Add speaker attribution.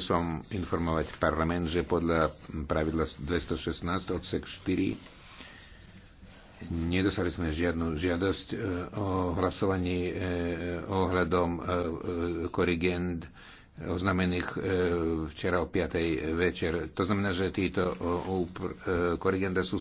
Speaker 1: som informovať parlament, že podľa pravidla 216 odsek 4 nedosali sme žiadnu žiadosť e, o hlasovaní e, e, ohľadom korigend oznamených včera o 5. večer. To znamená, že títo korigenda sú